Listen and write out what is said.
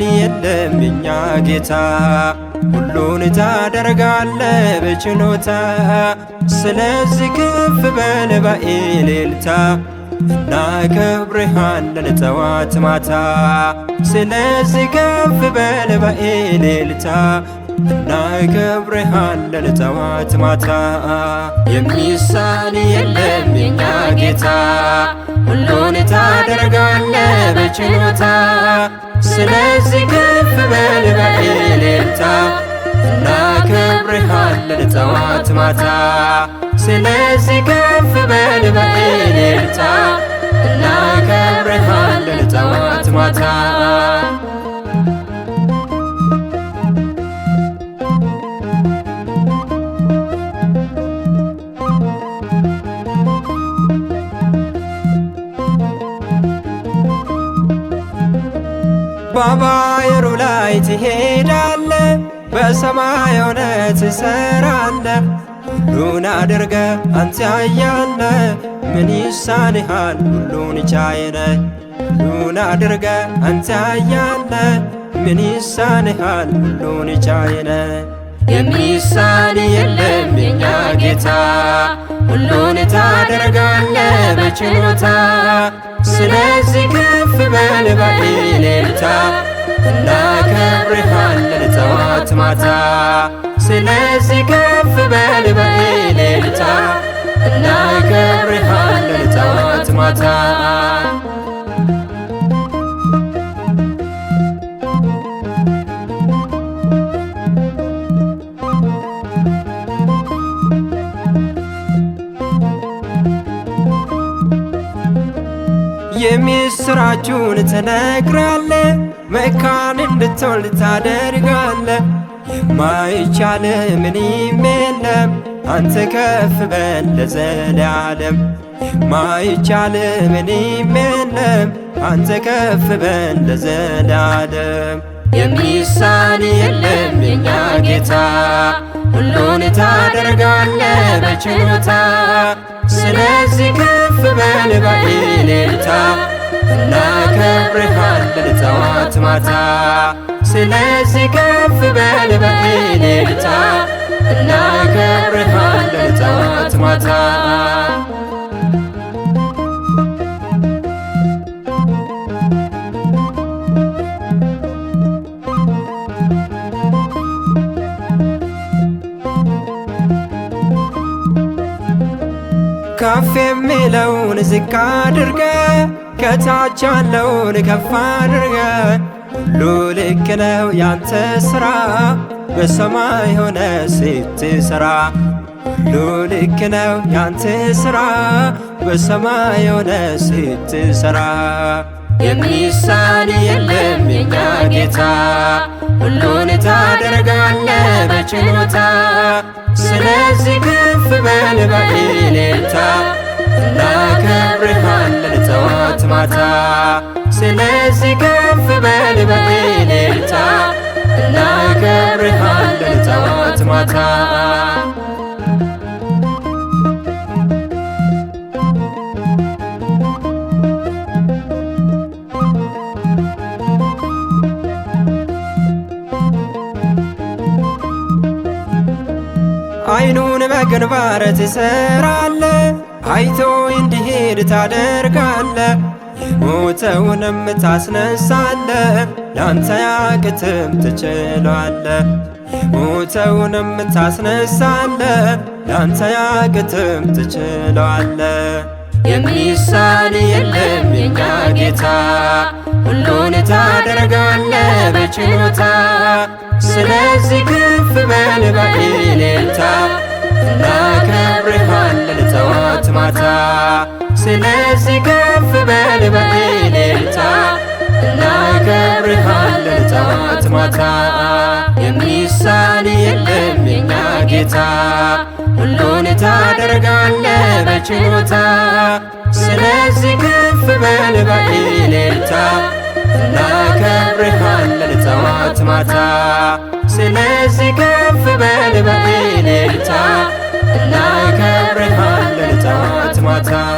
ማን የለም እኛ ጌታ ሁሉን ታደርጋለ በችሎታ። ስለዚህ ከፍ በል በእልልታ እናከብርሃለን ጠዋት ማታ። ስለዚህ ከፍ በል በእልልታ ናገብርሃን ለልጠዋት ማታ የሚሳን የለም የኛ ጌታ ሁሉን ታደርጋለ በችሎታ ስለዚህ ከፍ በል በእልልታ እናከብርሃለን ጠዋት ማታ ስለዚህ ከፍ በል በባሕሩ ላይ ትሄዳለ በሰማይ ሆነ ትሰራለ ሁሉን አድርገ አንተ ያያለ ምን ይሳንሃል ሁሉን ቻይነ ሁሉን አድርገ አንተ ያያለ ምን ይሳንሃል ሁሉን ቻይነ የሚሳን የለም የኛ ጌታ ሁሉን ታደርጋለ በችሎታ ስለዚህ ከፍ እናከብርሃለን ጠዋት ማታ። ስለዚህ ከፍ በል በእልልታ እናከብርሃለን ጠዋት ማታ። የሚስራችሁን ተነግራለ መካን እንድትወልድ ታደርጋለ የማይቻል ምንም የለም አንተ ከፍ በል ለዘላለም የማይቻል ምንም የለም አንተ ከፍ በል ለዘላለም የሚሳን የለም የኛ ጌታ ሁሉን ታደርጋለ በችሎታ ስለዚህ ከፍ በል በእልልታ ጠዋት ማታ ስለዚህ ከፍ በል በእልልታ እናከብርሃለን ጠዋት ማታ ከፍ የሚለውን ዝቅ አድርገ ከታች ያለውን ከፍ አድርገ ሁሉ ልክ ነው ያንተ ስራ በሰማይ ሆነ ስትሰራ ሁሉ ልክ ነው ያንተ ስራ በሰማይ ሆነ ስትሰራ የሚሳን የለም የኛ ጌታ ሁሉን ታደርጋለ በችሎታ ስለዚህ ከፍ በል በእልልታ እናከብርሃለን ጠዋት ማታ። ስለዚህ ከፍ በል በእልልታ እናከብርሃለን ጠዋት ማታ። አይኑን በግንባር ትሰራለ አይቶ እንዲሄድ ታደርጋለ የሞተውንም ታስነሳለ ላንተ ያቅትም ትችሏለ የሞተውንም ታስነሳለ ላንተ ያቅትም ትችሏለ የሚሳል የለም የኛ ጌታ ሁሉን ታደርጋለ በችሎታ ስለዚህ ክፍ በል በእልልታ እናከብርሃለን ጠዋት ማታ። ስለዚህ ከፍ በል በእልልታ እናከብርሃለን ጠዋት ማታ። የሚሳንህ የለም የኛ ጌታ ሁሉን ታደርጋለህ በችሎታ። ስለዚህ ከፍ በል በእልልታ እናከብርሃለን ጠዋት ማታ። ስለዚህ ከፍ በል በእልልታ እናከብርሃለን ጠዋት ማታ